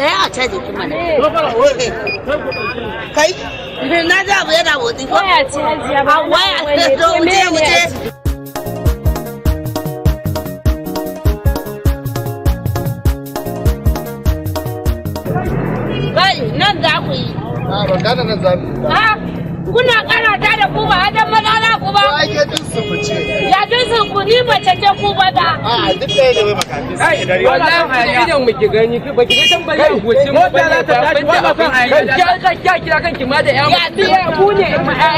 ɗaya a caji kuma ne. kai na ji abu yana motsi ko waya ce hajiya ba ah, waya ce to mu je mu je nan za ku yi. Ba, ah, ban gane nan za ku yi. Ha, ah, kuna karata da ku ba ba ya jinsin ku ni mace ce ku ba da a duk idan muke gani ba ki ga ta ta tashi ba kan ayi ka ka kira ma da ya ku ne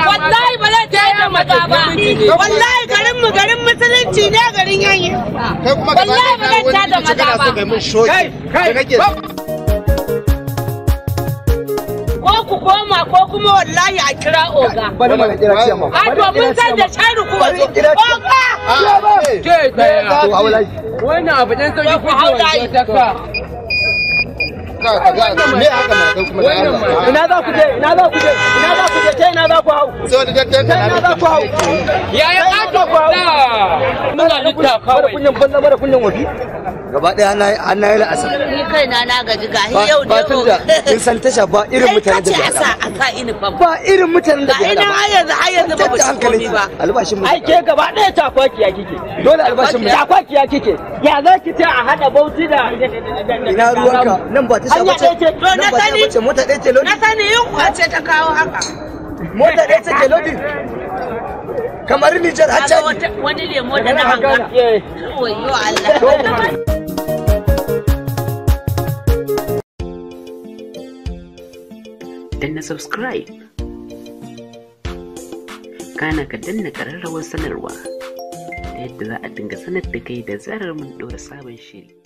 wallahi ba zai ta yi mata ba wallahi garin mu garin musulunci ne garin yayi kai kuma ka ba ta da mata ba kai kai ku koma ko kuma wallahi a kira oga. Bari mu kira ce ma. A to mun san da shari ku wazo. Oga. Ah, Ke daya. Eh. To haulayi. Wannan abu dan sauki ku haulayi. Ah. Ina za ku je, ina za ku je, ina za ku je, ina za ku hau. ina za ku hau. Yaya ƙato ku hau. halitta kawai kunyan banza mara kunyan wafi gaba daya na an na yi la'asa ni kai na na gaji gahi yau da yau ba in san tasha ba irin mutanen da ke hada aka ini fa ba irin mutanen da ke hada ba yanzu har yanzu ba ci komai ba albashin mu ai ke gaba daya takwakiya kike dole albashin mu takwakiya kike ya za ki ta a hada bauti da ina ruwanka nan ba tasha ba ce nan ba tasha ba ce mota ɗaya ce lodi na sani yin kwace ta kawo haka mota ɗaya ce ke lodi kamar Nijar har ne. wani lemo da na hanga wa Allah danna subscribe kana ka danna kararrawar sanarwa ta yadda za a dinga sanar da kai da zarar mun ɗora sabon shiri